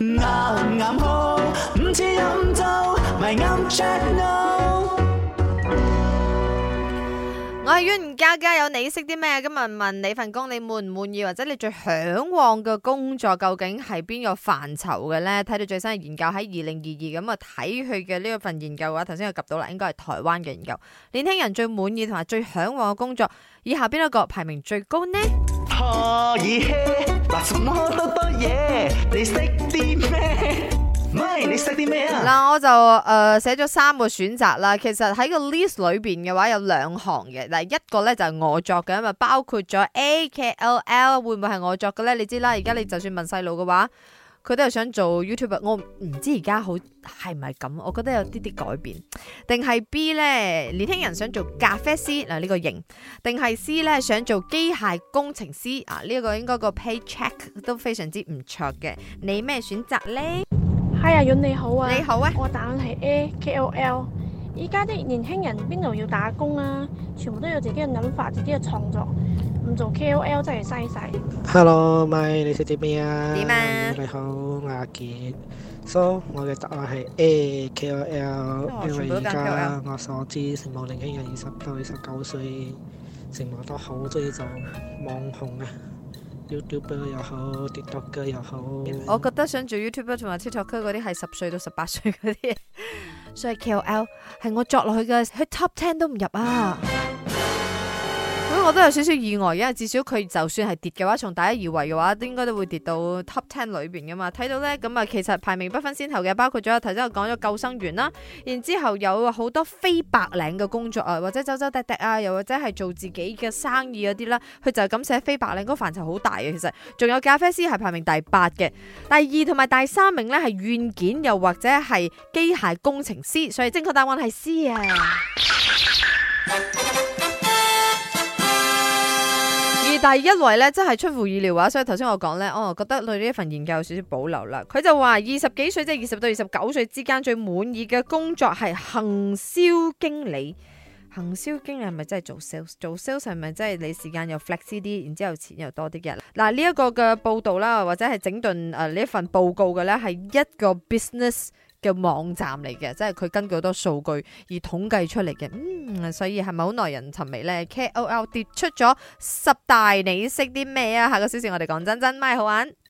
我係冤家家有你識啲咩？咁問問你份工你滿唔滿意，或者你最向往嘅工作究竟係邊個範疇嘅呢？睇到最新嘅研究喺二零二二咁啊，睇佢嘅呢一份研究嘅話，頭先我及到啦，應該係台灣嘅研究，年輕人最滿意同埋最向往嘅工作，以下邊一個排名最高呢？可以咩？嗱，咁多多嘢？你識啲咩？咪你識啲咩啊？嗱，我就誒寫咗三個選擇啦。其實喺個 list 裏邊嘅話有兩行嘅。嗱，一個咧就係我作嘅，咁啊包括咗 AKLL，會唔會係我作嘅咧？你知啦，而家你就算問細路嘅話。佢都係想做 YouTuber，我唔知而家好係唔係咁，我覺得有啲啲改變，定係 B 呢？年輕人想做咖啡師嗱呢、啊呢個型，定係 C 呢？想做機械工程師啊呢、呢個應該個 paycheck 都非常之唔錯嘅，你咩選擇呢？係啊，允你好啊，你好啊，好啊，我答案係 A，KOL，依家啲年輕人邊度要打工啊？全部都有自己嘅諗法，自己嘅創作。做 K O L 真係嘥晒。Hello，咪，你食啲咩啊？點啊？你好，阿傑。So，我嘅答案係 A，K O L，因為而家我所知，全部年輕人二十到二十九歲，全部都好中意做網紅啊。YouTube 又好，TikTok 又好。我覺得想做 YouTube 同埋 TikTok 嗰啲係十歲到十八歲嗰啲，所以 K O L 係我作落去嘅，去 Top Ten 都唔入啊。咁我都有少少意外，因為至少佢就算係跌嘅話，從第一二位嘅話，都應該都會跌到 top ten 裏邊噶嘛。睇到呢，咁啊，其實排名不分先後嘅，包括咗我頭先我講咗救生員啦，然之後有好多非白領嘅工作啊，或者走走趯趯啊，又或者係做自己嘅生意嗰啲啦，佢就咁寫非白領，嗰範疇好大嘅。其實仲有咖啡師係排名第八嘅，第二同埋第三名呢，係軟件又或者係機械工程師，所以正確答案係 C 啊。第一來咧，真係出乎意料話，所以頭先我講咧，我、哦、覺得對呢一份研究有少少保留啦。佢就話二十幾歲，即係二十到二十九歲之間，最滿意嘅工作係行銷經理。行銷經理係咪真係做 sales？做 sales 係咪真係你時間又 flex 啲，然之後錢又多啲嘅？嗱，呢、這、一個嘅報道啦，或者係整頓誒呢一份報告嘅咧，係一個 business。嘅網站嚟嘅，即係佢根據好多數據而統計出嚟嘅，嗯，所以係咪好耐人尋味咧？KOL 跌出咗十大，你識啲咩啊？下個小時我哋講真真，咪好玩。